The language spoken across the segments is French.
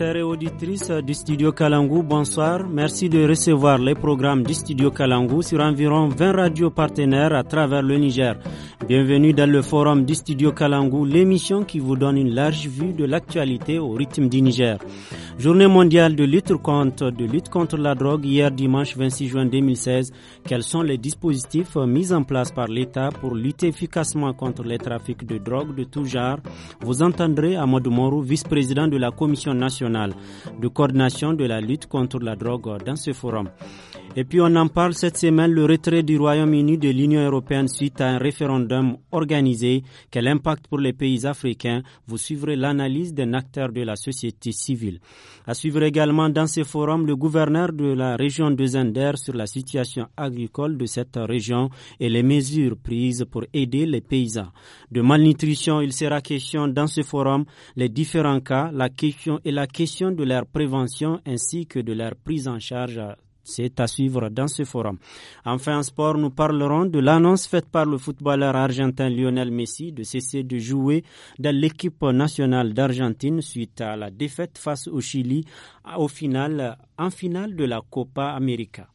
auditeurs et auditrices du Studio Kalangu. bonsoir. Merci de recevoir les programmes du Studio Kalangu sur environ 20 radios partenaires à travers le Niger. Bienvenue dans le forum du Studio Kalangu, l'émission qui vous donne une large vue de l'actualité au rythme du Niger. Journée mondiale de lutte contre, de lutte contre la drogue hier dimanche 26 juin 2016. Quels sont les dispositifs mis en place par l'État pour lutter efficacement contre les trafics de drogue de tout genre? Vous entendrez Amadou Morou, vice-président de la Commission nationale de coordination de la lutte contre la drogue dans ce forum. Et puis on en parle cette semaine, le retrait du Royaume-Uni de l'Union européenne suite à un référendum organisé. Quel impact pour les pays africains Vous suivrez l'analyse d'un acteur de la société civile. À suivre également dans ce forum le gouverneur de la région de Zender sur la situation agricole de cette région et les mesures prises pour aider les paysans. De malnutrition, il sera question dans ce forum les différents cas, la question et la question de leur prévention ainsi que de leur prise en charge c'est à suivre dans ce forum. Enfin, en sport, nous parlerons de l'annonce faite par le footballeur argentin Lionel Messi de cesser de jouer dans l'équipe nationale d'Argentine suite à la défaite face au Chili en finale de la Copa América.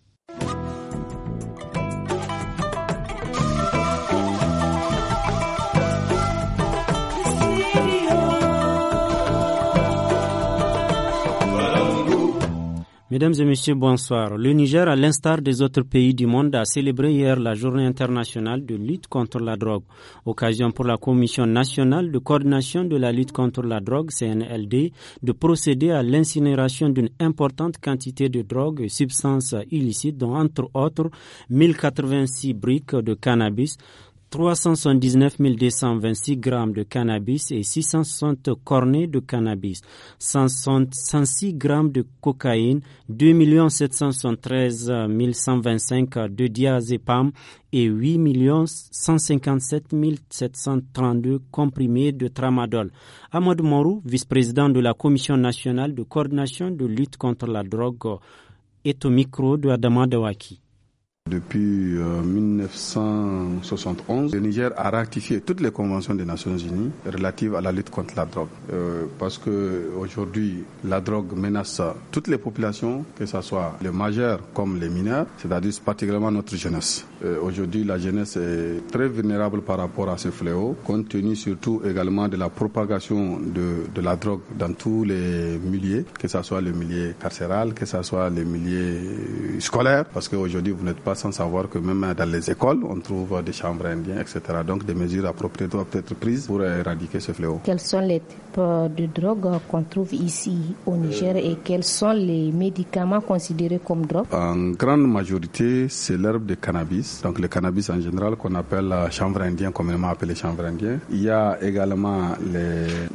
Mesdames et messieurs, bonsoir. Le Niger, à l'instar des autres pays du monde, a célébré hier la journée internationale de lutte contre la drogue. Occasion pour la Commission nationale de coordination de la lutte contre la drogue, CNLD, de procéder à l'incinération d'une importante quantité de drogue et substances illicites, dont entre autres 1086 briques de cannabis, 379 226 grammes de cannabis et 660 cornets de cannabis, 106 grammes de cocaïne, 2 773 125 de diazépam et 8 157 732 comprimés de tramadol. Ahmad Morou, vice-président de la Commission nationale de coordination de lutte contre la drogue, est au micro de Adama Dawaki. Depuis 1971, euh, le Niger a ratifié toutes les conventions des Nations Unies relatives à la lutte contre la drogue. Euh, parce que aujourd'hui, la drogue menace toutes les populations, que ce soit les majeurs comme les mineurs, c'est-à-dire particulièrement notre jeunesse. Euh, aujourd'hui, la jeunesse est très vulnérable par rapport à ce fléau, compte tenu surtout également de la propagation de, la drogue dans tous les milieux, que ce soit le milieu carcéral, que ce soit le milieu scolaire, parce qu'aujourd'hui, vous n'êtes pas sans savoir que même dans les écoles, on trouve des chambres indiens, etc. Donc des mesures appropriées doivent être prises pour éradiquer ce fléau. Quels sont les types de drogues qu'on trouve ici au Niger et quels sont les médicaments considérés comme drogues En grande majorité, c'est l'herbe de cannabis. Donc le cannabis en général qu'on appelle la chambre indien, communément appelé chambre indien. Il y a également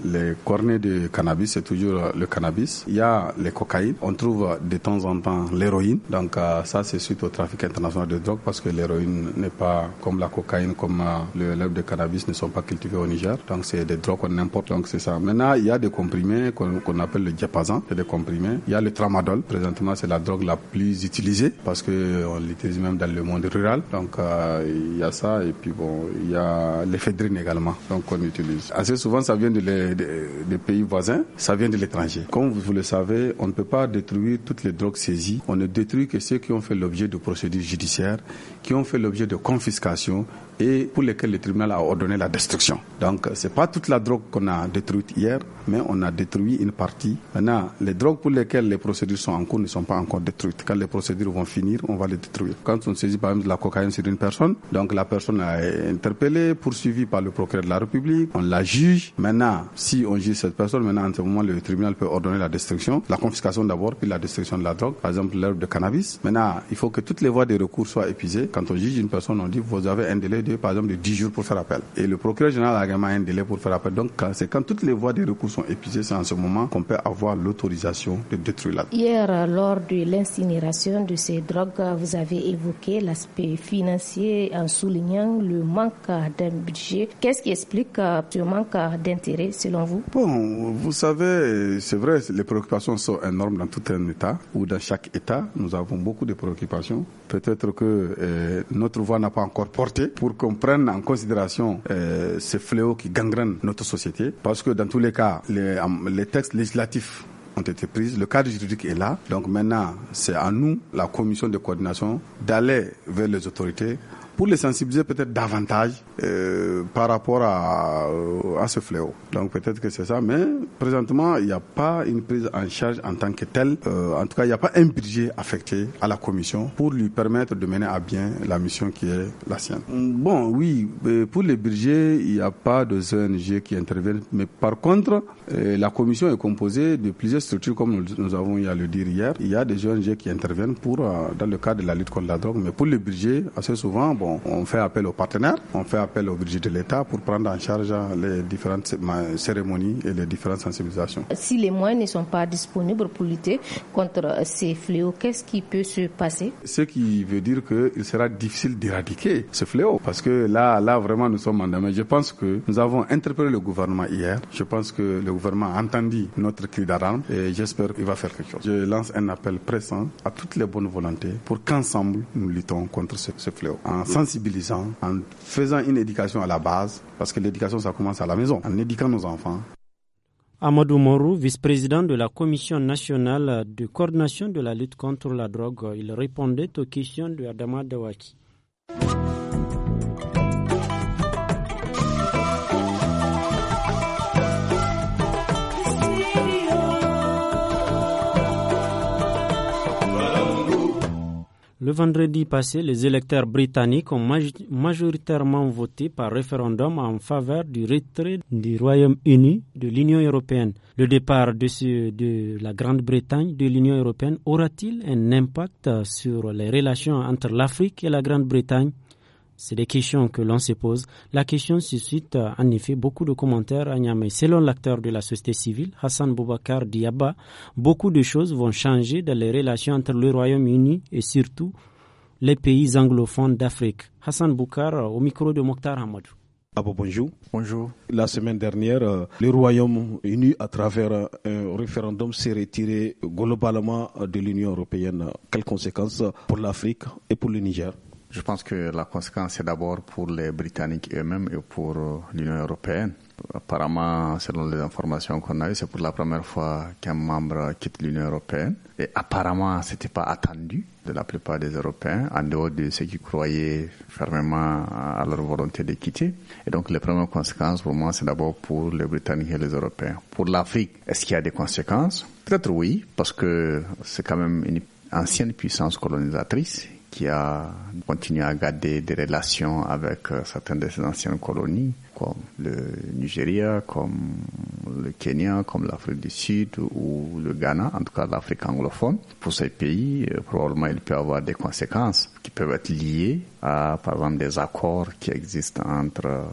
les, cornets de cannabis, c'est toujours le cannabis. Il y a les cocaïnes. On trouve de temps en temps l'héroïne. Donc euh, ça, c'est suite au trafic international de drogue parce que l'héroïne n'est pas comme la cocaïne, comme euh, le l'herbe de cannabis ne sont pas cultivés au Niger. Donc c'est des drogues qu'on importe, donc c'est ça. Maintenant, il y a des comprimés qu'on appelle le diapason, c'est des comprimés. Il y a le tramadol. Présentement, c'est la drogue la plus utilisée parce que euh, on l'utilise même dans le monde rural. Donc euh, il y a ça et puis bon, il y a l'éphédrine également, donc qu'on utilise. Assez souvent, ça vient de des pays voisins, ça vient de l'étranger. Comme vous le savez, on ne peut pas détruire toutes les drogues saisies. On ne détruit que ceux qui ont fait l'objet de procédures judiciaires qui ont fait l'objet de confiscation et pour lesquels le tribunal a ordonné la destruction. Donc, c'est pas toute la drogue qu'on a détruite hier, mais on a détruit une partie. Maintenant, les drogues pour lesquelles les procédures sont en cours ne sont pas encore détruites. Quand les procédures vont finir, on va les détruire. Quand on saisit par exemple de la cocaïne sur une personne, donc la personne est interpellée, poursuivie par le procureur de la République, on la juge. Maintenant, si on juge cette personne, maintenant, en ce moment, le tribunal peut ordonner la destruction, la confiscation d'abord, puis la destruction de la drogue, par exemple l'herbe de cannabis. Maintenant, il faut que toutes les voies de recours soient épuisées. Quand on juge une personne, on dit, vous avez un délai de par exemple, de 10 jours pour faire appel. Et le procureur général a également un délai pour faire appel. Donc, c'est quand toutes les voies de recours sont épuisées, c'est en ce moment qu'on peut avoir l'autorisation de détruire la Hier, lors de l'incinération de ces drogues, vous avez évoqué l'aspect financier en soulignant le manque d'un budget. Qu'est-ce qui explique euh, ce manque d'intérêt selon vous Bon, vous savez, c'est vrai, les préoccupations sont énormes dans tout un État ou dans chaque État. Nous avons beaucoup de préoccupations. Peut-être que euh, notre voix n'a pas encore porté pour qu'on prenne en considération euh, ces fléaux qui gangrène notre société, parce que dans tous les cas, les, les textes législatifs ont été prises. Le cadre juridique est là. Donc maintenant, c'est à nous, la commission de coordination, d'aller vers les autorités pour les sensibiliser peut-être davantage euh, par rapport à, euh, à ce fléau. Donc peut-être que c'est ça, mais présentement, il n'y a pas une prise en charge en tant que telle. Euh, en tout cas, il n'y a pas un budget affecté à la commission pour lui permettre de mener à bien la mission qui est la sienne. Mm, bon, oui, pour les budgets, il n'y a pas de ONG qui interviennent, mais par contre, la commission est composée de plusieurs structures, comme nous, avons eu à le dire hier. Il y a des ONG qui interviennent pour, dans le cadre de la lutte contre la drogue, mais pour les budgets, assez souvent, bon, on, fait appel aux partenaires, on fait appel aux budget de l'État pour prendre en charge les différentes cérémonies et les différentes sensibilisations. Si les moyens ne sont pas disponibles pour lutter contre ces fléaux, qu'est-ce qui peut se passer Ce qui veut dire qu'il sera difficile d'éradiquer ce fléau parce que là, là vraiment nous sommes en danger. Je pense que nous avons interpellé le gouvernement hier. Je pense que le gouvernement a entendu notre cri d'alarme et j'espère qu'il va faire quelque chose. Je lance un appel pressant à toutes les bonnes volontés pour qu'ensemble nous luttons contre ce, fléau. ensemble sensibilisant, en faisant une éducation à la base, parce que l'éducation, ça commence à la maison, en éduquant nos enfants. Amadou Morou, vice-président de la Commission nationale de coordination de la lutte contre la drogue, il répondait aux questions de Adama Dawaki. Le vendredi passé, les électeurs britanniques ont majoritairement voté par référendum en faveur du retrait du Royaume-Uni de l'Union européenne. Le départ de, la Grande-Bretagne de l'Union européenne aura-t-il un impact sur les relations entre l'Afrique et la Grande-Bretagne c'est des questions que l'on se pose. La question suscite euh, en effet beaucoup de commentaires à Niamey. Selon l'acteur de la société civile, Hassan Boubacar Diaba, beaucoup de choses vont changer dans les relations entre le Royaume-Uni et surtout les pays anglophones d'Afrique. Hassan Boukar euh, au micro de Mokhtar Hamadou. bonjour. Bonjour. La semaine dernière, euh, le Royaume-Uni, à travers un référendum, s'est retiré globalement de l'Union européenne. Quelles conséquences pour l'Afrique et pour le Niger je pense que la conséquence, c'est d'abord pour les Britanniques eux-mêmes et pour euh, l'Union européenne. Apparemment, selon les informations qu'on a eues, c'est pour la première fois qu'un membre quitte l'Union européenne. Et apparemment, c'était pas attendu de la plupart des Européens, en dehors de ceux qui croyaient fermement à leur volonté de quitter. Et donc, les premières conséquences, pour moi, c'est d'abord pour les Britanniques et les Européens. Pour l'Afrique, est-ce qu'il y a des conséquences Peut-être oui, parce que c'est quand même une ancienne puissance colonisatrice qui a continué à garder des relations avec euh, certaines de ses anciennes colonies, comme le Nigeria, comme le Kenya, comme l'Afrique du Sud ou le Ghana, en tout cas l'Afrique anglophone. Pour ces pays, euh, probablement il peut avoir des conséquences qui peuvent être liées à, par exemple, des accords qui existent entre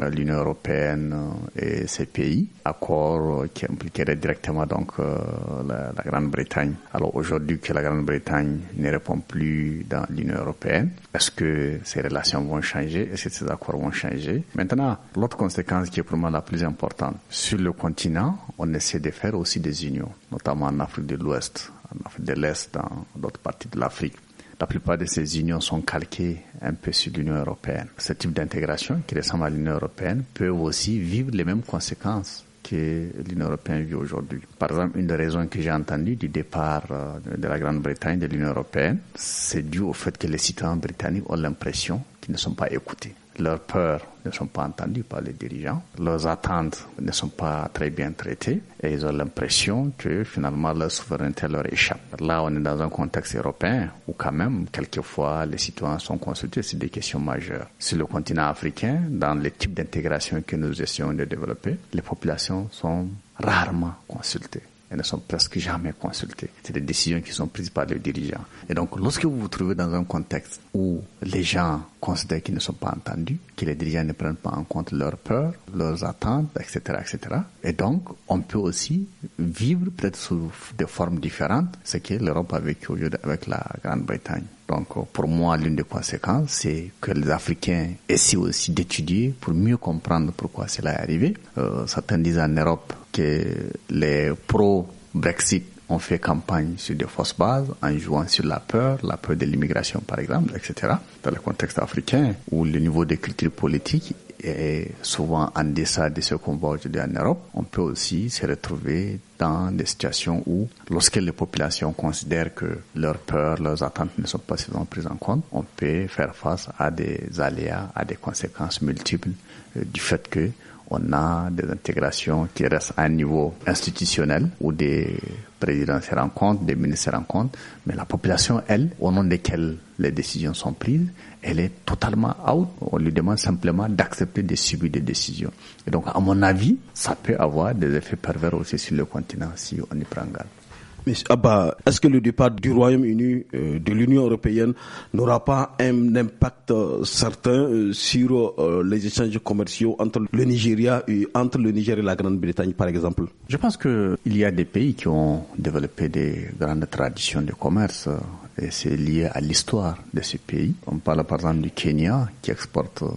euh, l'Union européenne euh, et ses pays, accord euh, qui impliquerait directement donc la, la Grande-Bretagne. Alors aujourd'hui que la Grande-Bretagne ne répond plus dans l'Union européenne, est-ce que ces relations vont changer Est-ce que ces accords vont changer Maintenant, l'autre conséquence qui est pour moi la plus importante, sur le continent, on essaie de faire aussi des unions, notamment en Afrique de l'Ouest, en Afrique de l'Est, dans d'autres parties de l'Afrique. La plupart de ces unions sont calquées un peu sur l'Union européenne. Ce type d'intégration qui ressemble à l'Union européenne peut aussi vivre les mêmes conséquences que l'Union européenne vit aujourd'hui. Par exemple, une des raisons que j'ai entendues du départ euh, de la Grande-Bretagne de l'Union européenne, c'est dû au fait que les citoyens britanniques ont l'impression qu'ils ne sont pas écoutés leurs peurs ne sont pas entendues par les dirigeants, leurs attentes ne sont pas très bien traitées et ils ont l'impression que finalement leur souveraineté leur échappe. Là, on est dans un contexte européen où quand même, quelquefois, les citoyens sont consultés sur des questions majeures. Sur le continent africain, dans les types d'intégration que nous essayons de développer, les populations sont rarement consultées elles ne sont presque jamais consultées. C'est des décisions qui sont prises par les dirigeants. Et donc, lorsque vous vous trouvez dans un contexte où les gens considèrent qu'ils ne sont pas entendus, que les dirigeants ne prennent pas en compte leurs peurs, leurs attentes, etc., etc., et donc, on peut aussi vivre peut-être sous des formes différentes, ce que l'Europe a vécu avec la Grande-Bretagne. Donc pour moi, l'une des conséquences, c'est que les Africains essaient aussi d'étudier pour mieux comprendre pourquoi cela est arrivé. Euh, certains disent en Europe que les pro-Brexit ont fait campagne sur des fausses bases en jouant sur la peur, la peur de l'immigration par exemple, etc. Dans le contexte africain où le niveau de culture politique et souvent en deçà de ce qu'on voit aujourd'hui en Europe, on peut aussi se retrouver dans des situations où, lorsque les populations considèrent que leurs peurs, leurs attentes ne sont pas souvent prises en compte, on peut faire face à des aléas, à des conséquences multiples euh, du fait que on a des intégrations qui restent à un niveau institutionnel ou des président se rend compte, des ministres se rendent compte, mais la population, elle, au nom desquelles les décisions sont prises, elle est totalement out. On lui demande simplement d'accepter de subir des décisions. Et donc, à mon avis, ça peut avoir des effets pervers aussi sur le continent si on y prend garde. Mais Abba, ah est-ce que le départ du Royaume-Uni euh, de l'Union européenne n'aura pas un impact euh, certain euh, sur les échanges commerciaux entre le Nigeria et entre le Niger et la Grande-Bretagne, par exemple Je pense qu'il y a des pays qui ont développé des grandes traditions de commerce et c'est lié à l'histoire de ce pays. On parle par exemple du Kenya qui exporte euh,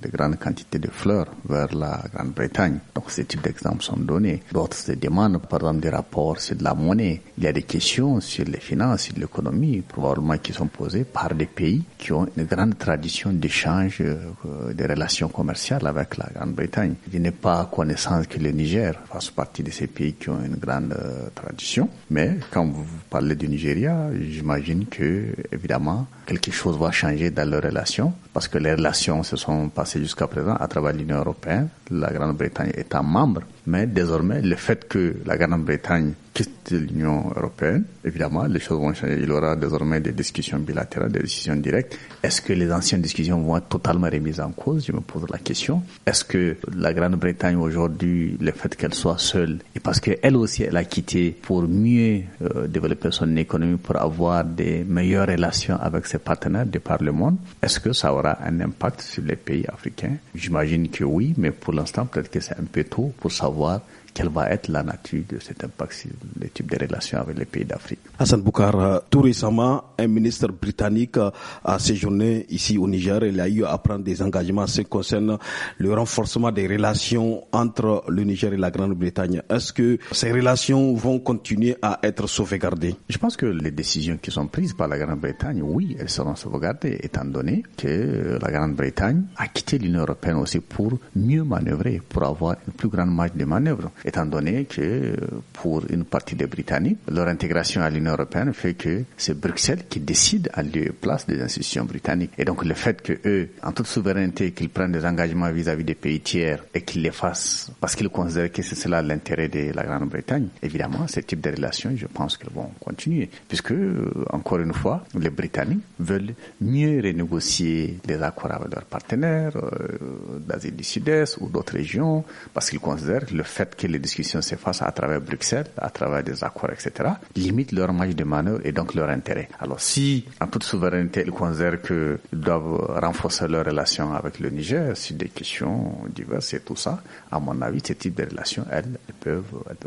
de grandes quantités de fleurs vers la Grande-Bretagne. Donc ces types d'exemples sont donnés. D'autres se demandent par exemple des rapports sur de la monnaie. Il y a des questions sur les finances, sur l'économie, probablement qui sont posées par des pays qui ont une grande tradition d'échange euh, de des relations commerciales avec la Grande-Bretagne. Je n'ai pas connaissance que le Niger fasse partie de ces pays qui ont une grande euh, tradition, mais quand vous parlez du Nigeria, j'imagine que, évidemment, quelque chose va changer dans leurs relations, parce que les relations se sont passées jusqu'à présent à travers l'Union européenne, la Grande-Bretagne est un membre. Mais désormais, le fait que la Grande-Bretagne quitte l'Union européenne, évidemment, les choses vont changer. Il y aura désormais des discussions bilatérales, des décisions directes. Est-ce que les anciennes discussions vont être totalement remises en cause Je me pose la question. Est-ce que la Grande-Bretagne aujourd'hui, le fait qu'elle soit seule, et parce qu'elle aussi, elle a quitté pour mieux euh, développer son économie, pour avoir des meilleures relations avec ses partenaires de par le monde. Est-ce que ça aura un impact sur les pays africains J'imagine que oui, mais pour l'instant, peut-être que c'est un peu tôt pour savoir quelle va être la nature de cet impact sur le type de relations avec les pays d'Afrique. Hassan Boukar, euh, tout récemment, un ministre britannique euh, a séjourné ici au Niger. Il a eu à prendre des engagements en ce qui concerne le renforcement des relations entre le Niger et la Grande-Bretagne. Est-ce que ces relations vont continuer à être sauvegardées Je pense que les décisions qui sont prises par la Grande-Bretagne, oui, elles seront sauvegardées, étant donné que euh, la Grande-Bretagne a quitté l'Union européenne aussi pour mieux manœuvrer, pour avoir une plus grande marge de manœuvre étant donné que euh, pour une partie des Britanniques, leur intégration à l'Union européenne fait que c'est Bruxelles qui décide à lieu place des institutions britanniques. Et donc le fait que eux, en toute souveraineté, qu'ils prennent des engagements vis-à-vis des pays tiers et qu'ils les fassent parce qu'ils considèrent que c'est cela l'intérêt de la Grande-Bretagne, évidemment, ce type de relations, je pense qu'elles vont continuer. Puisque, euh, encore une fois, les Britanniques veulent mieux renégocier des accords avec leurs partenaires euh, d'Asie du Sud-Est ou d'autres régions parce qu'ils considèrent le fait que les les discussions s'effacent à travers Bruxelles, à travers des accords, etc., limitent leur marge de manœuvre et donc leur intérêt. Alors si, en toute souveraineté, ils considèrent qu'ils doivent renforcer leurs relations avec le Niger sur des questions diverses et tout ça, à mon avis, ces types de relations, elles, peuvent,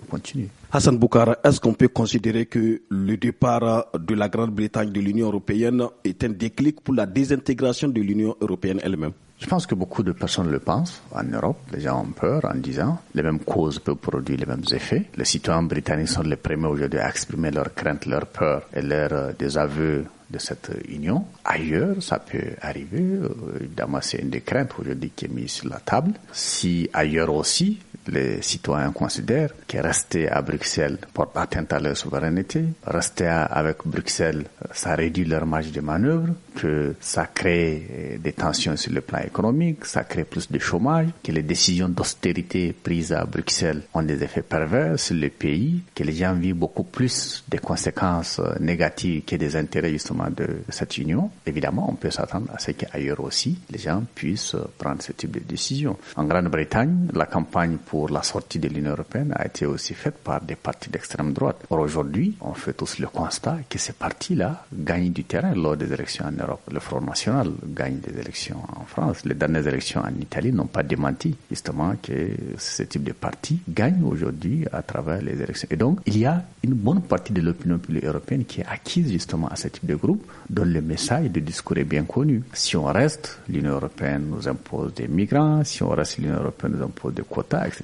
continuer. Hassan Boukara, est-ce qu'on peut considérer que le départ de la Grande-Bretagne de l'Union européenne est un déclic pour la désintégration de l'Union européenne elle-même je pense que beaucoup de personnes le pensent. En Europe, les gens ont peur en disant les mêmes causes peuvent produire les mêmes effets. Les citoyens britanniques sont les premiers aujourd'hui à exprimer leurs craintes, leurs peurs et leurs euh, désaveux de cette union. Ailleurs, ça peut arriver. Euh, évidemment, c'est une des craintes aujourd'hui qui est mise sur la table. Si ailleurs aussi, les citoyens considèrent, que rester à Bruxelles porte atteinte à leur souveraineté, rester avec Bruxelles, ça réduit leur marge de manœuvre, que ça crée eh, des tensions sur le plan économique, ça crée plus de chômage, que les décisions d'austérité prises à Bruxelles ont des effets pervers sur le pays, que les gens vivent beaucoup plus des conséquences euh, négatives que des intérêts justement de cette union. Évidemment, on peut s'attendre à ce qu'ailleurs aussi, les gens puissent euh, prendre ce type de décision. En Grande-Bretagne, la campagne pour pour la sortie de l'Union européenne a été aussi faite par des partis d'extrême droite. Or aujourd'hui, on fait tous le constat que ces partis-là gagnent du terrain lors des élections en Europe. Le Front National gagne des élections en France. Les dernières élections en Italie n'ont pas démenti justement que ce type de parti gagne aujourd'hui à travers les élections. Et donc, il y a une bonne partie de l'opinion publique européenne qui est acquise justement à ce type de groupe, dont le message de discours est bien connu. Si on reste, l'Union européenne nous impose des migrants. Si on reste, l'Union européenne nous impose des quotas, etc.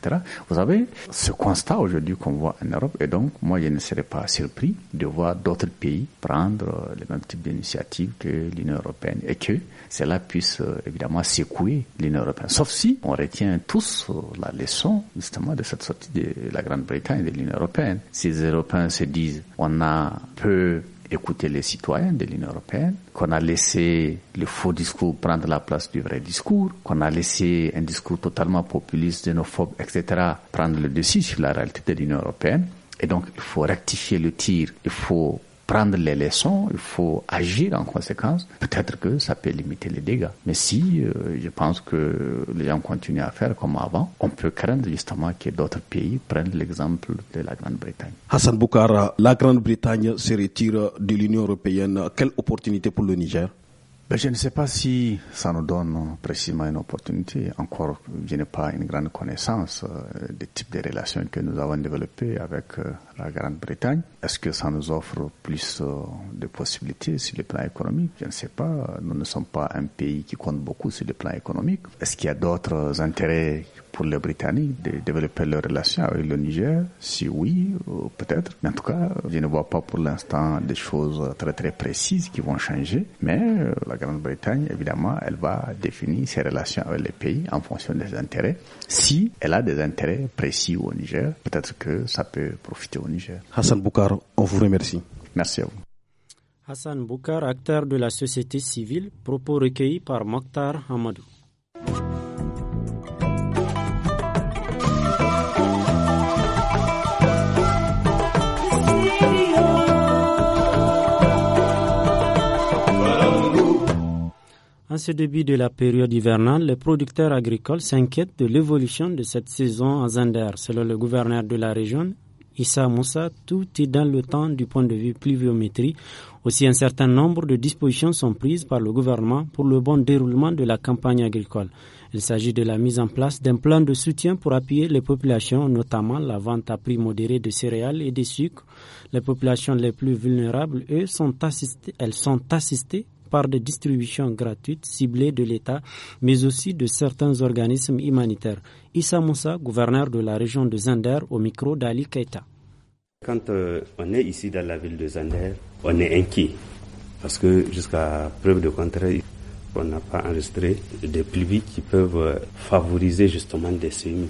Vous avez ce constat aujourd'hui qu'on voit en Europe et donc moi je ne serais pas surpris de voir d'autres pays prendre euh, le même type d'initiative que l'Union européenne et que cela puisse euh, évidemment secouer l'Union européenne. Sauf si on retient tous euh, la leçon justement de cette sortie de la Grande-Bretagne et de l'Union européenne. Si les Européens se disent on a peu écouter les citoyens de l'Union européenne, qu'on a laissé le faux discours prendre la place du vrai discours, qu'on a laissé un discours totalement populiste, xénophobe, etc., prendre le dessus sur la réalité de l'Union européenne. Et donc, il faut rectifier le tir, il faut prendre les leçons, il faut agir en conséquence. Peut-être que ça peut limiter les dégâts. Mais si euh, je pense que les gens continuent à faire comme avant, on peut craindre justement que d'autres pays prennent l'exemple de la Grande-Bretagne. Hassan Boukara, la Grande-Bretagne se retire de l'Union européenne. Quelle opportunité pour le Niger ben, je ne sais pas si ça nous donne précisément une opportunité. Encore, je n'ai pas une grande connaissance euh, des types de relations que nous avons développées avec euh, la Grande-Bretagne. Est-ce que ça nous offre plus euh, de possibilités sur le plan économique Je ne sais pas. Nous ne sommes pas un pays qui compte beaucoup sur le plan économique. Est-ce qu'il y a d'autres intérêts pour les Britanniques de développer leurs relations avec le Niger Si oui, euh, peut-être. Mais En tout cas, je ne vois pas pour l'instant des choses très très précises qui vont changer. Mais euh, la Grande-Bretagne, évidemment, elle va définir ses relations avec les pays en fonction des intérêts. Si elle a des intérêts précis au Niger, peut-être que ça peut profiter au Niger. Hassan Boukar, on vous remercie. Merci à vous. Hassan Boukar, acteur de la société civile, propos recueillis par Mokhtar Hamadou. ce début de la période hivernale, les producteurs agricoles s'inquiètent de l'évolution de cette saison en Zander. Selon le gouverneur de la région, Issa Moussa, tout est dans le temps du point de vue pluviométrie. Aussi, un certain nombre de dispositions sont prises par le gouvernement pour le bon déroulement de la campagne agricole. Il s'agit de la mise en place d'un plan de soutien pour appuyer les populations, notamment la vente à prix modéré de céréales et de sucres. Les populations les plus vulnérables, eux, sont elles sont assistées par des distributions gratuites ciblées de l'État, mais aussi de certains organismes humanitaires. Issa Moussa, gouverneur de la région de Zander, au micro d'Ali Keita. Quand euh, on est ici dans la ville de Zander, on est inquiet parce que jusqu'à preuve de contraire, on n'a pas enregistré des pluies qui peuvent euh, favoriser justement des semis.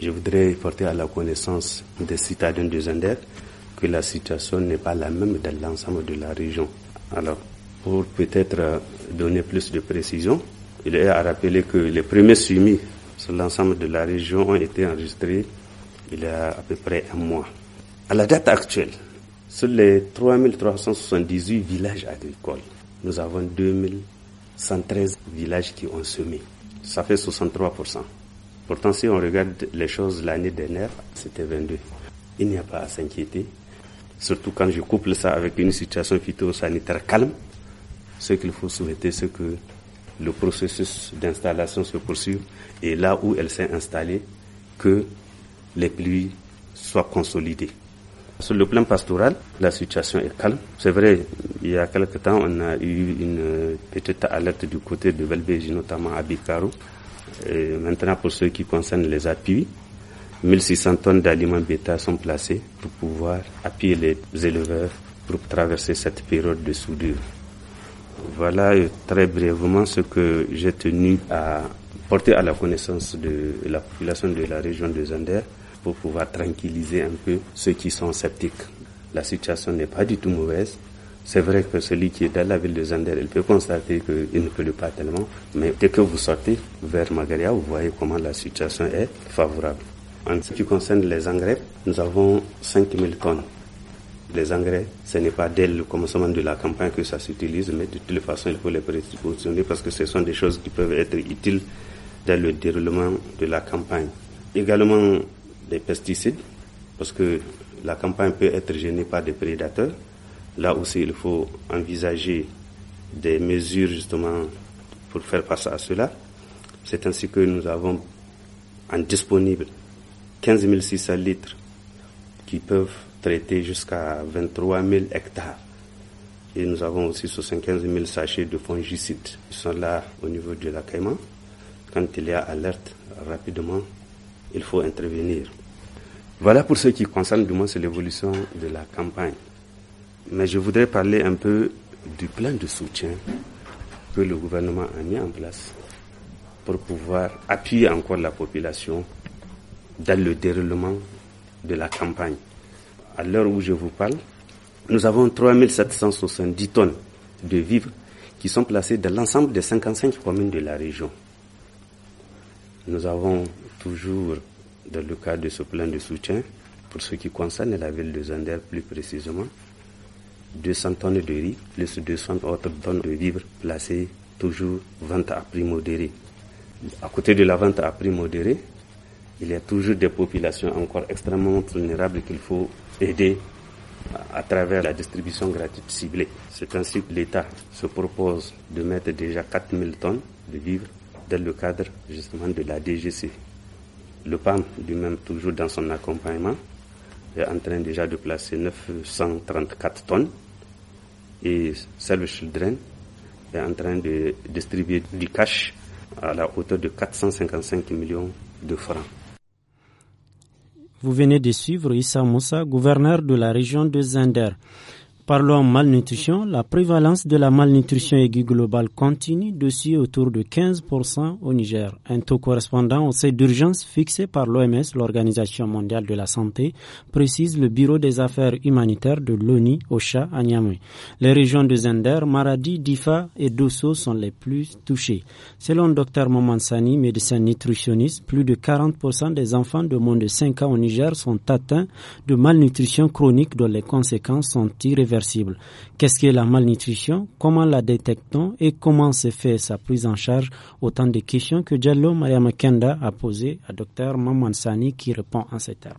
Je voudrais porter à la connaissance des citadins de Zander que la situation n'est pas la même dans l'ensemble de la région. Alors, pour peut-être euh, donner plus de précision, il est à rappeler que les premiers semis sur l'ensemble de la région ont été enregistrés il y a à peu près un mois. À la date actuelle, sur les 3378 villages agricoles, nous avons 2113 villages qui ont semé. Ça fait 63%. Pourtant, si on regarde les choses l'année dernière, c'était 22. Il n'y a pas à s'inquiéter, surtout quand je couple ça avec une situation phytosanitaire calme. Ce qu'il faut souhaiter, c'est que le processus d'installation se poursuive et là où elle s'est installée, que les pluies soient consolidées. Sur le plan pastoral, la situation est calme. C'est vrai, il y a quelque temps, on a eu une petite alerte du côté de Belbéji, notamment à Bicaro. maintenant, pour ce qui concerne les appuis, 1600 tonnes d'aliments bêta sont placées pour pouvoir appuyer les éleveurs pour traverser cette période de soudure. Voilà euh, très brièvement ce que j'ai tenu à porter à la connaissance de la population de la région de Zander pour pouvoir tranquilliser un peu ceux qui sont sceptiques. La situation n'est pas du tout mauvaise. C'est vrai que celui qui est dans la ville de Zander, il peut constater qu'il ne pleut pas tellement, mais dès que vous sortez vers Magaria, vous voyez comment la situation est favorable. En ce qui concerne les engrais, nous avons 5000 tonnes les engrais, ce n'est pas dès le commencement de la campagne que ça s'utilise, mais de toute façon il faut les prépositionner parce que ce sont des choses qui peuvent être utiles dans le déroulement de la campagne. Également, des pesticides, parce que la campagne peut être gênée par des prédateurs. Là aussi, il faut envisager des mesures justement pour faire face à cela. C'est ainsi que nous avons en disponible 15 600 litres qui peuvent traité jusqu'à 23 000 hectares. Et nous avons aussi 75 000 sachets de fongicides qui sont là au niveau de la Quand il y a alerte, rapidement, il faut intervenir. Voilà pour ce qui concerne du moins l'évolution de la campagne. Mais je voudrais parler un peu du plan de soutien que le gouvernement a mis en place pour pouvoir appuyer encore la population dans le déroulement de la campagne à l'heure où je vous parle, nous avons 3770 tonnes de vivres qui sont placées dans l'ensemble des 55 communes de la région. Nous avons toujours, dans le cadre de ce plan de soutien, pour ce qui concerne la ville de Zander plus précisément, 200 tonnes de riz plus 200 autres tonnes de vivres placées toujours vente à prix modéré. À côté de la vente à prix modéré, il y a toujours des populations encore extrêmement vulnérables qu'il faut aider à travers la distribution gratuite ciblée. C'est ainsi que l'État se propose de mettre déjà 4000 tonnes de vivres dans le cadre justement de la DGC. Le PAM lui-même, toujours dans son accompagnement, est en train déjà de placer 934 tonnes et Salve Children est en train de distribuer du cash à la hauteur de 455 millions de francs. Vous venez de suivre Issa Moussa, gouverneur de la région de Zender. Parlons malnutrition. La prévalence de la malnutrition aiguë globale continue de autour de 15% au Niger, un taux correspondant au seuil d'urgence fixé par l'OMS, l'Organisation mondiale de la santé, précise le Bureau des affaires humanitaires de l'ONU, OCHA, à Niamey. Les régions de Zender, Maradi, Difa et Dosso sont les plus touchées. Selon Dr Momansani, médecin nutritionniste, plus de 40% des enfants de moins de 5 ans au Niger sont atteints de malnutrition chronique dont les conséquences sont irréversibles Qu'est-ce que la malnutrition Comment la détectons Et comment se fait sa prise en charge Autant de questions que Diallo Mariamakenda Kenda a posées à Dr mamansani Sani qui répond en ces termes.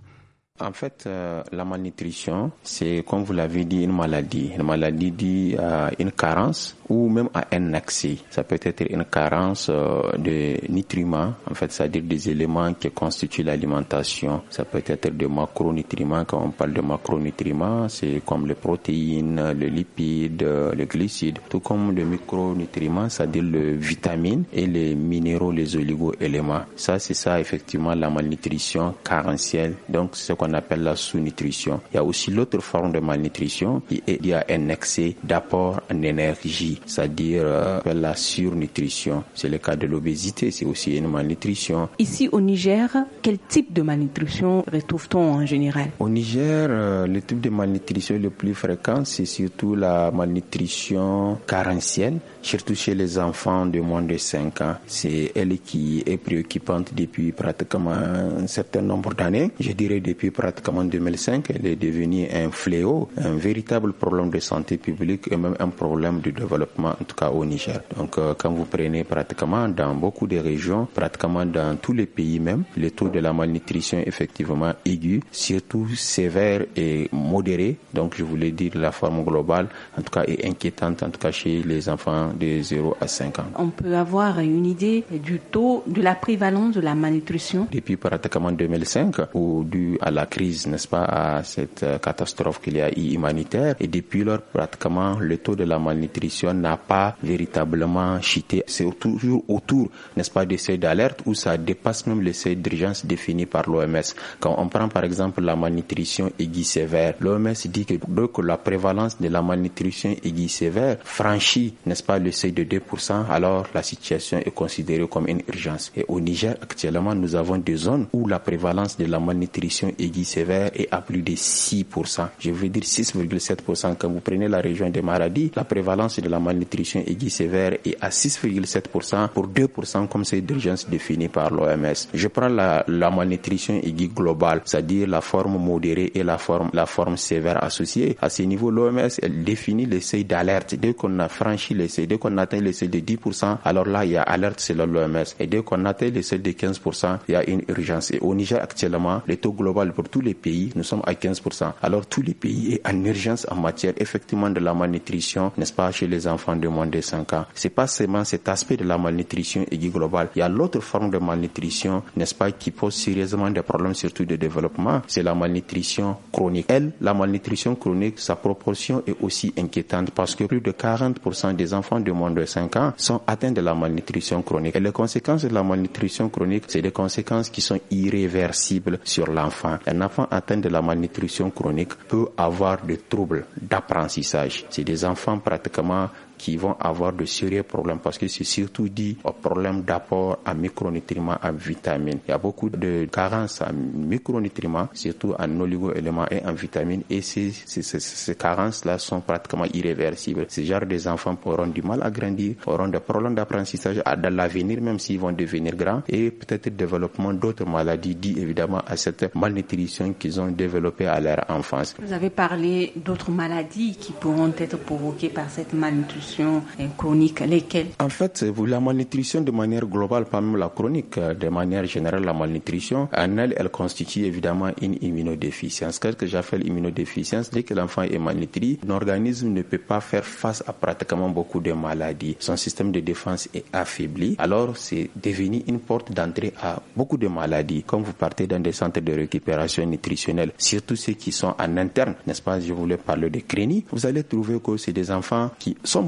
En fait, euh, la malnutrition, c'est comme vous l'avez dit, une maladie. Une maladie dit à une carence ou même à un accès. Ça peut être une carence euh, de nutriments, en fait, c'est-à-dire des éléments qui constituent l'alimentation. Ça peut être des macronutriments. Quand on parle de macronutriments, c'est comme les protéines, les lipides, les glucides, tout comme les micronutriments, c'est-à-dire les vitamines et les minéraux, les oligo-éléments. Ça, c'est ça, effectivement, la malnutrition carentielle. Donc, c'est qu'on appelle la sous-nutrition. Il y a aussi l'autre forme de malnutrition qui est a un excès d'apport en énergie, c'est-à-dire euh, la surnutrition. C'est le cas de l'obésité, c'est aussi une malnutrition. Ici au Niger, quel type de malnutrition retrouve-t-on en général Au Niger, euh, le type de malnutrition le plus fréquent, c'est surtout la malnutrition carentielle surtout chez les enfants de moins de 5 ans. C'est elle qui est préoccupante depuis pratiquement un certain nombre d'années. Je dirais depuis pratiquement 2005, elle est devenue un fléau, un véritable problème de santé publique et même un problème de développement, en tout cas au Niger. Donc euh, quand vous prenez pratiquement dans beaucoup de régions, pratiquement dans tous les pays même, le taux de la malnutrition est effectivement aigu, surtout sévère et modéré. Donc je voulais dire la forme globale, en tout cas est inquiétante, en tout cas chez les enfants de 0 à 5 ans. On peut avoir une idée du taux de la prévalence de la malnutrition. Depuis pratiquement 2005, ou dû à la crise, n'est-ce pas, à cette euh, catastrophe qu'il y a eu humanitaire, et depuis lors, pratiquement, le taux de la malnutrition n'a pas véritablement chuté. C'est toujours autour, n'est-ce pas, des seuils d'alerte où ça dépasse même les seuils d'urgence définis par l'OMS. Quand on prend par exemple la malnutrition aiguë sévère, l'OMS dit que, donc, la prévalence de la malnutrition aiguë sévère franchit, n'est-ce pas, le seuil de 2%, alors la situation est considérée comme une urgence. Et au Niger, actuellement, nous avons des zones où la prévalence de la malnutrition aiguë sévère est à plus de 6%. Je veux dire 6,7%. Quand vous prenez la région des maladies, la prévalence de la malnutrition aiguë sévère est à 6,7% pour 2% comme seuil d'urgence définie par l'OMS. Je prends la, malnutrition aiguë globale, c'est-à-dire la forme modérée et la forme, la forme sévère associée. À ce niveau, l'OMS définit le seuil d'alerte. Dès qu'on a franchi les seuils dès qu'on atteint le seuil de 10%, alors là, il y a alerte selon l'OMS. Et dès qu'on atteint le seuil de 15%, il y a une urgence. Et au Niger, actuellement, le taux global pour tous les pays, nous sommes à 15%. Alors, tous les pays est en urgence en matière, effectivement, de la malnutrition, n'est-ce pas, chez les enfants de moins de 5 ans. C'est pas seulement cet aspect de la malnutrition aiguë globale. Il y a l'autre forme de malnutrition, n'est-ce pas, qui pose sérieusement des problèmes, surtout de développement. C'est la malnutrition chronique. Elle, la malnutrition chronique, sa proportion est aussi inquiétante parce que plus de 40% des enfants de moins de 5 ans sont atteints de la malnutrition chronique. Et les conséquences de la malnutrition chronique, c'est des conséquences qui sont irréversibles sur l'enfant. Un enfant atteint de la malnutrition chronique peut avoir des troubles d'apprentissage. C'est des enfants pratiquement qui vont avoir de sérieux problèmes parce que c'est surtout dit au problème d'apport à micronutriments, à vitamines. Il y a beaucoup de carences en micronutriments, surtout en oligo-éléments et en vitamines et ces, ces, ces, carences-là sont pratiquement irréversibles. Ces genre des enfants auront du mal à grandir, auront des problèmes d'apprentissage dans l'avenir même s'ils vont devenir grands et peut-être développement d'autres maladies dit évidemment à cette malnutrition qu'ils ont développée à leur enfance. Vous avez parlé d'autres maladies qui pourront être provoquées par cette malnutrition. Euh, chronique, lesquelles En fait, la malnutrition de manière globale, pas même la chronique, euh, de manière générale, la malnutrition, en elle, elle constitue évidemment une immunodéficience. Qu'est-ce que j'appelle immunodéficience Dès que l'enfant est malnutri, l'organisme ne peut pas faire face à pratiquement beaucoup de maladies. Son système de défense est affaibli. Alors, c'est devenu une porte d'entrée à beaucoup de maladies. Comme vous partez dans des centres de récupération nutritionnelle, surtout ceux qui sont en interne, n'est-ce pas Je voulais parler de crénies. Vous allez trouver que c'est des enfants qui sont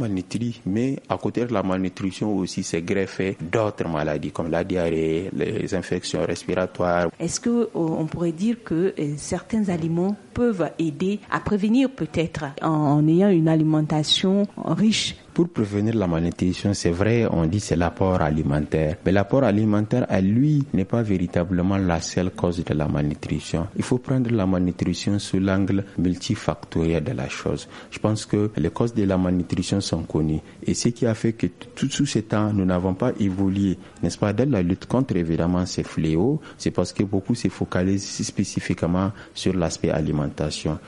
mais à côté de la malnutrition aussi, c'est greffé d'autres maladies comme la diarrhée, les infections respiratoires. Est-ce qu'on euh, pourrait dire que euh, certains aliments peuvent aider à prévenir peut-être en ayant une alimentation riche pour prévenir la malnutrition, c'est vrai, on dit c'est l'apport alimentaire. Mais l'apport alimentaire, à lui, n'est pas véritablement la seule cause de la malnutrition. Il faut prendre la malnutrition sous l'angle multifactoriel de la chose. Je pense que les causes de la malnutrition sont connues. Et ce qui a fait que tout sous ces temps, nous n'avons pas évolué, n'est-ce pas, dans la lutte contre évidemment ces fléaux, c'est parce que beaucoup se focalisent spécifiquement sur l'aspect alimentaire.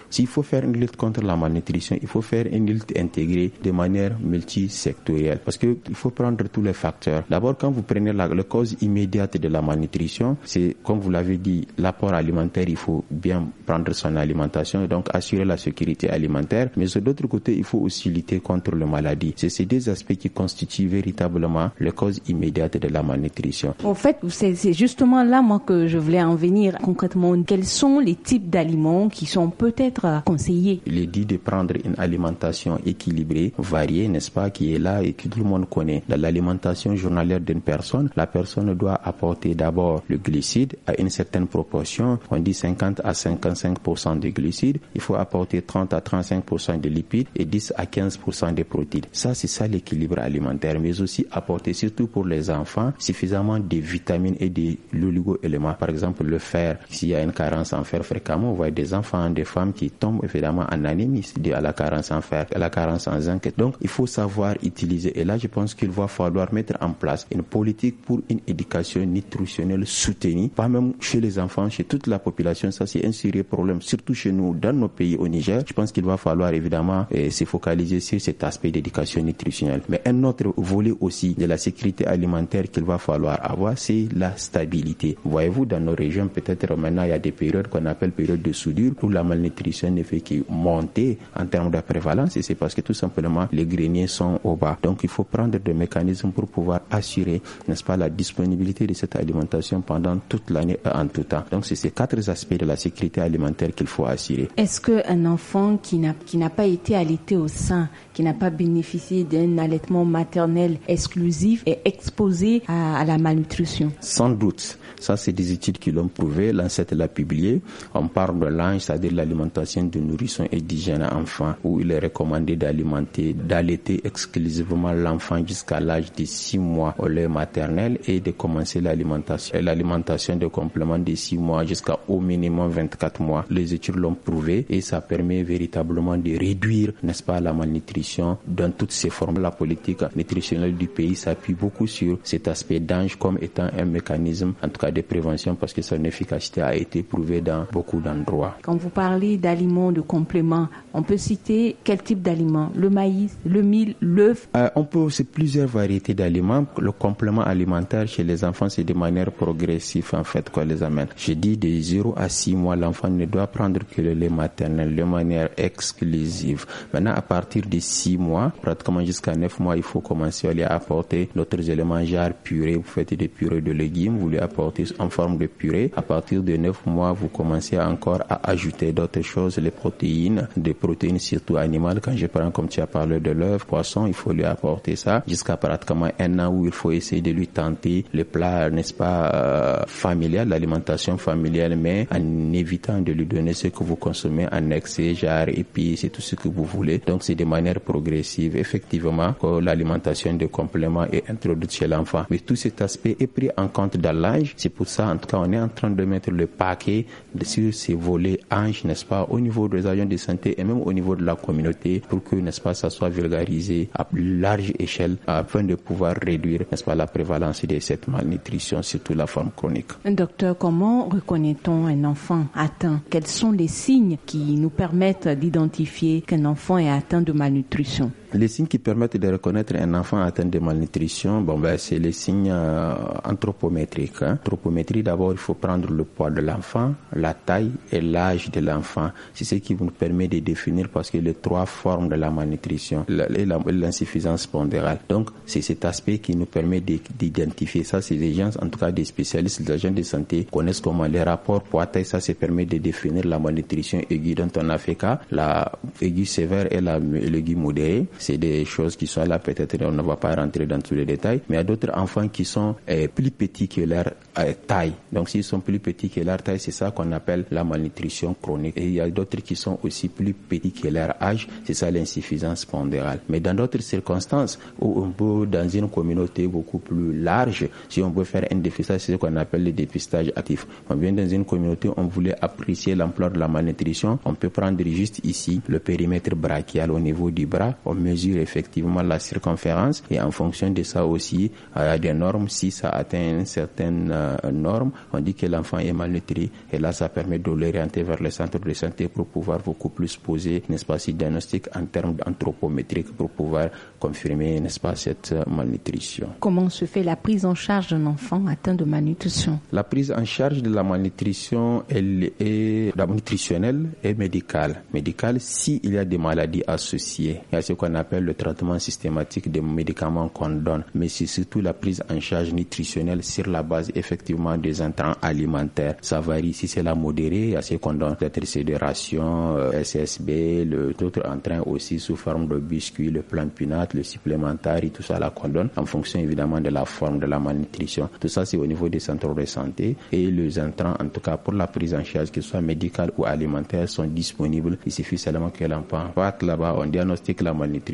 S'il faut faire une lutte contre la malnutrition, il faut faire une lutte intégrée de manière multisectorielle. Parce qu'il faut prendre tous les facteurs. D'abord, quand vous prenez la, cause immédiate de la malnutrition, c'est, comme vous l'avez dit, l'apport alimentaire, il faut bien prendre son alimentation et donc assurer la sécurité alimentaire. Mais de l'autre côté, il faut aussi lutter contre la maladie. C'est ces deux aspects qui constituent véritablement les cause immédiate de la malnutrition. En fait, c'est justement là, moi, que je voulais en venir. Concrètement, quels sont les types d'aliments qui sont peut-être conseillés. Il est dit de prendre une alimentation équilibrée, variée, n'est-ce pas, qui est là et que tout le monde connaît. Dans l'alimentation journalière d'une personne, la personne doit apporter d'abord le glucide à une certaine proportion. On dit 50 à 55% de glucides. Il faut apporter 30 à 35% de lipides et 10 à 15% de protéines. Ça, c'est ça l'équilibre alimentaire, mais aussi apporter surtout pour les enfants suffisamment de vitamines et de loligo éléments Par exemple, le fer. S'il y a une carence en fer fréquemment, on voit des enfants des femmes qui tombent évidemment en anémie à la carence en fer, à la carence en zinc. Donc, il faut savoir utiliser. Et là, je pense qu'il va falloir mettre en place une politique pour une éducation nutritionnelle soutenue, pas même chez les enfants, chez toute la population. Ça, c'est un sérieux problème, surtout chez nous, dans nos pays au Niger. Je pense qu'il va falloir évidemment eh, se focaliser sur cet aspect d'éducation nutritionnelle. Mais un autre volet aussi de la sécurité alimentaire qu'il va falloir avoir, c'est la stabilité. Voyez-vous, dans nos régions, peut-être maintenant, il y a des périodes qu'on appelle période de soudure la malnutrition ne fait que monter en termes de prévalence et c'est parce que tout simplement les greniers sont au bas. Donc il faut prendre des mécanismes pour pouvoir assurer, n'est-ce pas, la disponibilité de cette alimentation pendant toute l'année en tout temps. Donc c'est ces quatre aspects de la sécurité alimentaire qu'il faut assurer. Est-ce qu'un enfant qui n'a, qui n'a pas été allaité au sein, qui n'a pas bénéficié d'un allaitement maternel exclusif est exposé à la malnutrition Sans doute. Ça, c'est des études qui l'ont prouvé. L'ancêtre l'a publié. On parle de l'ange, c'est-à-dire l'alimentation de nourrissons et d'hygiène à enfants, où il est recommandé d'alimenter, d'allaiter exclusivement l'enfant jusqu'à l'âge de 6 mois au lait maternel et de commencer l'alimentation. et L'alimentation de complément de 6 mois jusqu'à au minimum 24 mois. Les études l'ont prouvé et ça permet véritablement de réduire, n'est-ce pas, la malnutrition dans toutes ses formes. La politique nutritionnelle du pays s'appuie beaucoup sur cet aspect d'ange comme étant un mécanisme, en tout cas de prévention parce que son efficacité a été prouvée dans beaucoup d'endroits. Quand vous parlez d'aliments, de compléments, on peut citer quel type d'aliments Le maïs, le mil, l'œuf euh, On peut aussi plusieurs variétés d'aliments. Le complément alimentaire chez les enfants, c'est de manière progressive en fait qu'on les amène. Je dis de 0 à 6 mois, l'enfant ne doit prendre que le lait maternel de manière exclusive. Maintenant, à partir de 6 mois, pratiquement jusqu'à 9 mois, il faut commencer à lui apporter d'autres éléments, genre purée, vous faites des purées de légumes, vous lui apportez en forme de purée. À partir de 9 mois, vous commencez encore à ajouter d'autres choses, les protéines, des protéines surtout animales. Quand je prends, comme tu as parlé de l'œuf, poisson, il faut lui apporter ça jusqu'à pratiquement un an où il faut essayer de lui tenter les plats, n'est-ce pas, euh, familial, l'alimentation familiale, mais en évitant de lui donner ce que vous consommez en excès, genre épices et tout ce que vous voulez. Donc c'est de manière progressive, effectivement, que l'alimentation de compléments est introduite chez l'enfant. Mais tout cet aspect est pris en compte dans l'âge. C'est pour ça, en tout cas, on est en train de mettre le paquet sur ces volets anges, n'est-ce pas, au niveau des agents de santé et même au niveau de la communauté pour que, n'est-ce pas, ça soit vulgarisé à large échelle afin de pouvoir réduire, n'est-ce pas, la prévalence de cette malnutrition, surtout la forme chronique. Docteur, comment reconnaît-on un enfant atteint Quels sont les signes qui nous permettent d'identifier qu'un enfant est atteint de malnutrition les signes qui permettent de reconnaître un enfant atteint de malnutrition, bon ben, c'est les signes euh, anthropométriques. Hein. Anthropométrie, d'abord, il faut prendre le poids de l'enfant, la taille et l'âge de l'enfant. C'est ce qui nous permet de définir parce que les trois formes de la malnutrition l'insuffisance pondérale. Donc, c'est cet aspect qui nous permet d'identifier ça. C'est les gens, en tout cas des spécialistes, les agents de santé connaissent comment les rapports poids-taille, ça, ça permet de définir la malnutrition aiguë dont on a fait cas, la aiguë sévère et l'aiguë modérée. C'est des choses qui sont là, peut-être on ne va pas rentrer dans tous les détails, mais il y a d'autres enfants qui sont eh, plus petits que leur eh, taille. Donc s'ils sont plus petits que leur taille, c'est ça qu'on appelle la malnutrition chronique. Et il y a d'autres qui sont aussi plus petits que leur âge, c'est ça l'insuffisance pondérale. Mais dans d'autres circonstances, où on peut, dans une communauté beaucoup plus large, si on veut faire un dépistage, c'est ce qu'on appelle le dépistage actif. On vient dans une communauté, on voulait apprécier l'ampleur de la malnutrition, on peut prendre juste ici le périmètre brachial au niveau du bras, mesure effectivement la circonférence et en fonction de ça aussi, il y a des normes. Si ça atteint certaines certaine euh, normes, on dit que l'enfant est malnutri et là, ça permet de l'orienter vers le centre de santé pour pouvoir beaucoup plus poser, n'est-ce pas, diagnostic en termes anthropométriques pour pouvoir confirmer, n'est-ce pas, cette euh, malnutrition. Comment se fait la prise en charge d'un enfant atteint de malnutrition La prise en charge de la malnutrition, elle est nutritionnelle et médicale. Médicale, s'il y a des maladies associées. Il ce qu'on appelle le traitement systématique des médicaments qu'on donne, mais c'est surtout la prise en charge nutritionnelle sur la base effectivement des intrants alimentaires. Ça varie si c'est la modérée, assez ce qu'on donne peut-être c'est des rations, euh, SSB, le d'autres train aussi sous forme de biscuits, le plan pinate, le supplémentaire et tout ça là qu'on donne en fonction évidemment de la forme de la malnutrition. Tout ça c'est au niveau des centres de santé et les entrants en tout cas pour la prise en charge, que ce soit médicale ou alimentaire, sont disponibles. Il suffit seulement que l'enfant parte là-bas, on diagnostique la malnutrition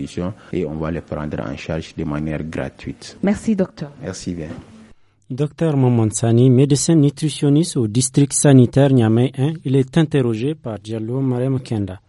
et on va les prendre en charge de manière gratuite. Merci docteur. Merci bien. Docteur Momonsani, médecin nutritionniste au district sanitaire Niamey 1, il est interrogé par Diallo Marem Kenda.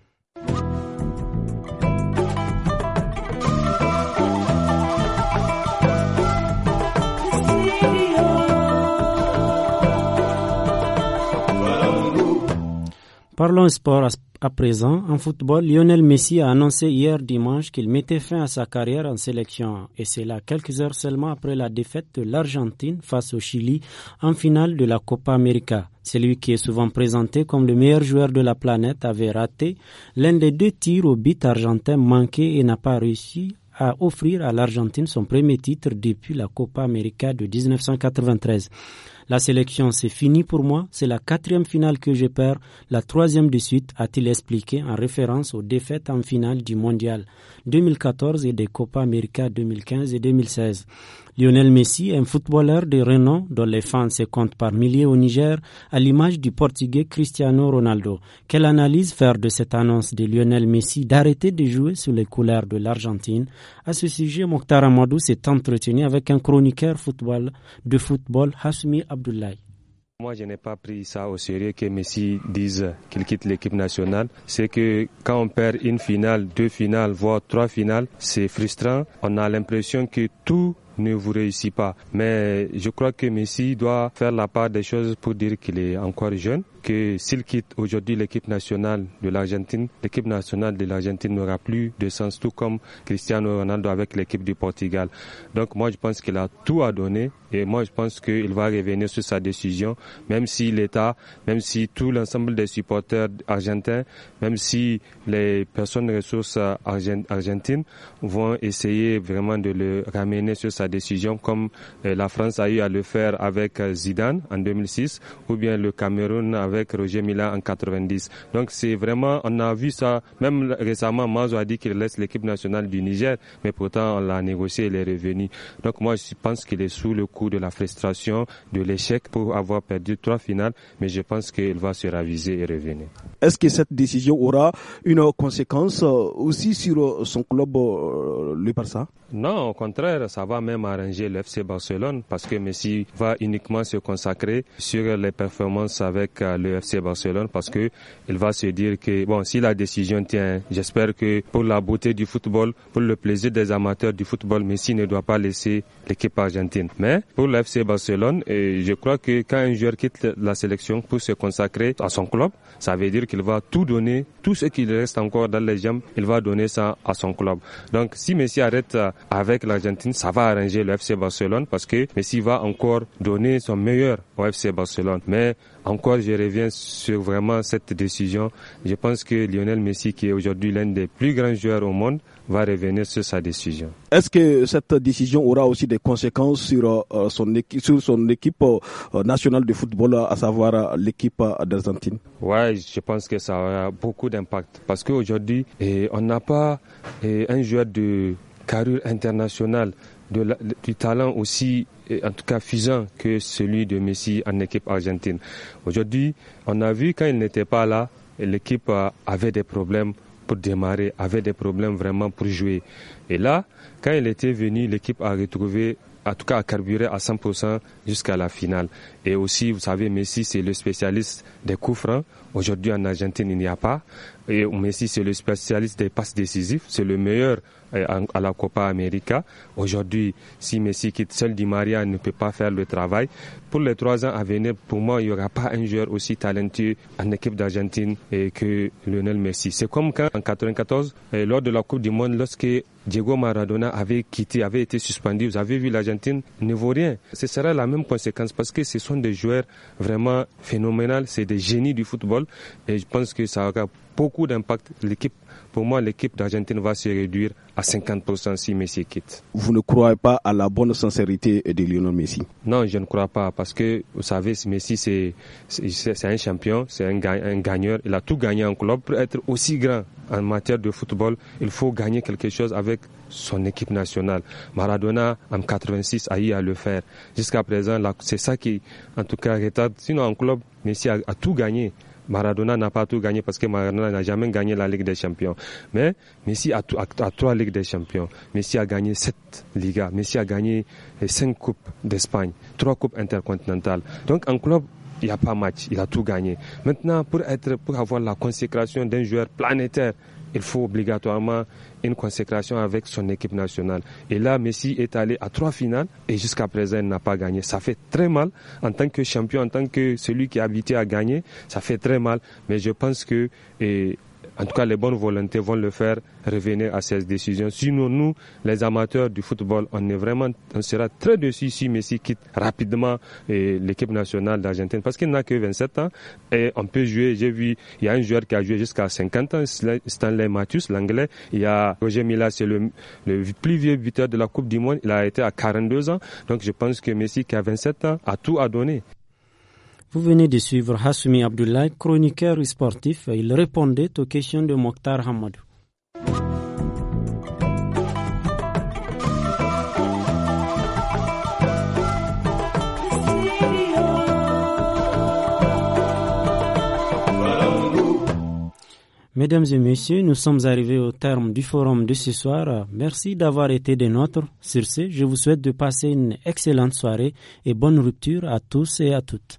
Parlons sport à présent, en football, Lionel Messi a annoncé hier dimanche qu'il mettait fin à sa carrière en sélection. Et c'est là quelques heures seulement après la défaite de l'Argentine face au Chili en finale de la Copa América. Celui qui est souvent présenté comme le meilleur joueur de la planète avait raté l'un des deux tirs au but argentin manqué et n'a pas réussi à offrir à l'Argentine son premier titre depuis la Copa América de 1993. La sélection, c'est fini pour moi. C'est la quatrième finale que je perds, la troisième de suite, a-t-il expliqué en référence aux défaites en finale du mondial 2014 et des Copa América 2015 et 2016. Lionel Messi, un footballeur de renom dont les fans se comptent par milliers au Niger, à l'image du portugais Cristiano Ronaldo. Quelle analyse faire de cette annonce de Lionel Messi d'arrêter de jouer sous les couleurs de l'Argentine À ce sujet, Mokhtar Amadou s'est entretenu avec un chroniqueur football de football, Hasmi Abdoulaye. Moi, je n'ai pas pris ça au sérieux que Messi dise qu'il quitte l'équipe nationale. C'est que quand on perd une finale, deux finales, voire trois finales, c'est frustrant. On a l'impression que tout ne vous réussit pas. Mais je crois que Messi doit faire la part des choses pour dire qu'il est encore jeune que s'il quitte aujourd'hui l'équipe nationale de l'Argentine, l'équipe nationale de l'Argentine n'aura plus de sens, tout comme Cristiano Ronaldo avec l'équipe du Portugal. Donc moi, je pense qu'il a tout à donner et moi, je pense qu'il va revenir sur sa décision, même si l'État, même si tout l'ensemble des supporters argentins, même si les personnes ressources argentines vont essayer vraiment de le ramener sur sa décision, comme euh, la France a eu à le faire avec euh, Zidane en 2006, ou bien le Cameroun avec avec Roger Mila en 90. Donc c'est vraiment, on a vu ça, même récemment, Mazo a dit qu'il laisse l'équipe nationale du Niger, mais pourtant on l'a négocié, les revenus. Donc moi je pense qu'il est sous le coup de la frustration, de l'échec pour avoir perdu trois finales, mais je pense qu'il va se raviser et revenir. Est-ce que cette décision aura une conséquence euh, aussi sur euh, son club, euh, le Barça Non, au contraire, ça va même arranger l'FC Barcelone parce que Messi va uniquement se consacrer sur les performances avec le FC Barcelone parce que il va se dire que bon, si la décision tient, j'espère que pour la beauté du football, pour le plaisir des amateurs du football, Messi ne doit pas laisser l'équipe argentine. Mais pour le FC Barcelone, je crois que quand un joueur quitte la sélection pour se consacrer à son club, ça veut dire qu'il va tout donner, tout ce qu'il reste encore dans les jambes, il va donner ça à son club. Donc si Messi arrête euh, avec l'Argentine, ça va arranger le FC Barcelone parce que Messi va encore donner son meilleur au FC Barcelone. Mais encore, je reviens sur vraiment cette décision. Je pense que Lionel Messi, qui est aujourd'hui l'un des plus grands joueurs au monde, va revenir sur sa décision. Est-ce que cette décision aura aussi des conséquences sur euh, son équipe, sur son équipe euh, nationale de football, à savoir euh, l'équipe d'Argentine Ouais, je pense que ça aura beaucoup d'impact parce qu'aujourd'hui, on n'a pas un joueur de carrure internationale, de du talent aussi en tout cas fusion que celui de Messi en équipe argentine. Aujourd'hui, on a vu quand il n'était pas là, l'équipe euh, avait des problèmes pour démarrer, avait des problèmes vraiment pour jouer. Et là, quand il était venu, l'équipe a retrouvé en tout cas a carburé à 100% jusqu'à la finale. Et aussi, vous savez, Messi, c'est le spécialiste des coups francs. Aujourd'hui, en Argentine, il n'y a pas. Et Messi, c'est le spécialiste des passes décisives. C'est le meilleur euh, à la Copa América. Aujourd'hui, si Messi quitte, seul Di Maria ne peut pas faire le travail. Pour les trois ans à venir, pour moi, il n'y aura pas un joueur aussi talentueux en équipe d'Argentine euh, que Lionel Messi. C'est comme quand, en 94, euh, lors de la Coupe du Monde, lorsque Diego Maradona avait quitté, avait été suspendu, vous avez vu l'Argentine ne vaut rien. Ce sera la même conséquence parce que ce sont des joueurs vraiment phénoménaux, c'est des génies du football. Et je pense que ça aura beaucoup d'impact. L'équipe, pour moi, l'équipe d'Argentine va se réduire à 50% si Messi quitte. Vous ne croyez pas à la bonne sincérité de Lionel Messi Non, je ne crois pas parce que, vous savez, Messi, c'est, c'est un champion, c'est un, un, gagneur. Il a tout gagné en club. Pour être aussi grand en matière de football, il faut gagner quelque chose avec son équipe nationale. Maradona, en 86, a eu à le faire. Jusqu'à présent, c'est ça qui, en tout cas, retarde. Sinon, en club, Messi a tout gagné. Maradona n'a pas tout gagné parce que Maradona n'a jamais gagné la Ligue des Champions. Mais Messi a, trois Ligues des Champions. Messi a gagné sept Ligas. Messi a gagné eh, cinq Coupes d'Espagne, trois Coupes intercontinentales. Donc en club, il n'y a pas match. Il a tout gagné. Maintenant, pour, être, pour avoir la consécration d'un joueur planétaire, il faut obligatoirement une consécration avec son équipe nationale. Et là, Messi est allé à trois finales et jusqu'à présent, il n'a pas gagné. Ça fait très mal en tant que champion, en tant que celui qui est habité à gagner. Ça fait très mal. Mais je pense que... En tout cas, les bonnes volontés vont le faire revenir à ses décisions. Sinon, nous, les amateurs du football, on est vraiment, on sera très déçus si Messi quitte rapidement eh, l'équipe nationale d'Argentine parce qu'il n'a que 27 ans et on peut jouer. J'ai vu, il y a un joueur qui a joué jusqu'à 50 ans, Stanley Matthews, l'anglais. Il y a Roger Mila, c'est le, le, plus vieux buteur de la Coupe du Monde. Il a été à 42 ans. Donc, je pense que Messi, qui a 27 ans, a tout à donner. Vous venez de suivre Hassoumi Abdullah, chroniqueur sportif. Il répondait aux questions de Mokhtar Hamadou. Mesdames et messieurs, nous sommes arrivés au terme du forum de ce soir. Merci d'avoir été des nôtres. Sur ce, je vous souhaite de passer une excellente soirée et bonne rupture à tous et à toutes.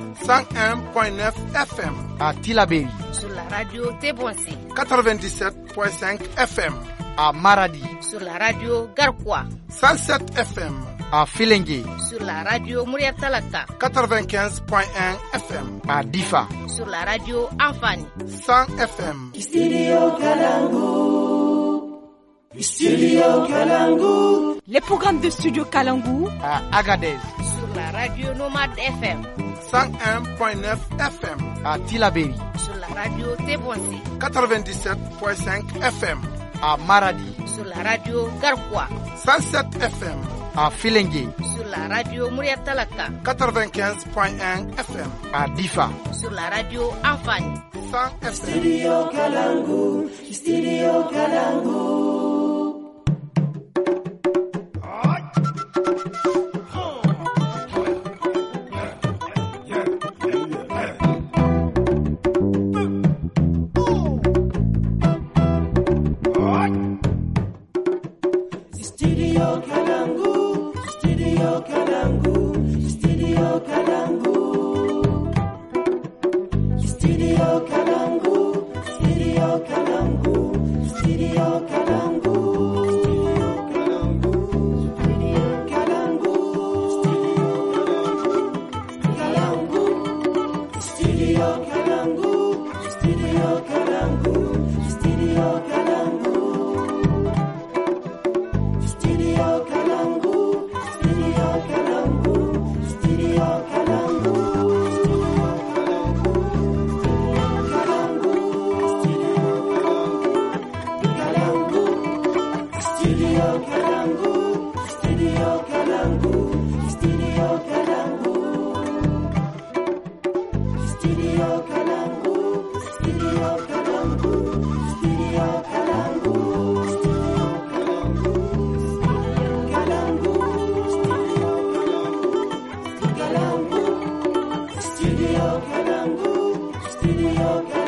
101.9 FM à Tilabéri. Sur la radio Téboissé. 97.5 FM à Maradi. Sur la radio Garkwa. 107 FM à Filengue. Sur la radio Mouriatalata. 95.1 FM à Difa. Sur la radio Anfani. 100 FM. Studio Studio Kalangu. Les programmes de Studio Kalangu à Agadez. Sur la radio Nomade FM. 101.9 FM à Tilaberi. Sur la radio 97.5 FM à Maradi. Sur la radio Garkwa. 107 FM à Filengue. Sur la radio Mouriatalaka. 95.1 FM à Difa. Sur la radio Anfani. 100 FM. Studio Kalangu. Studio Kalangu. Mediocre.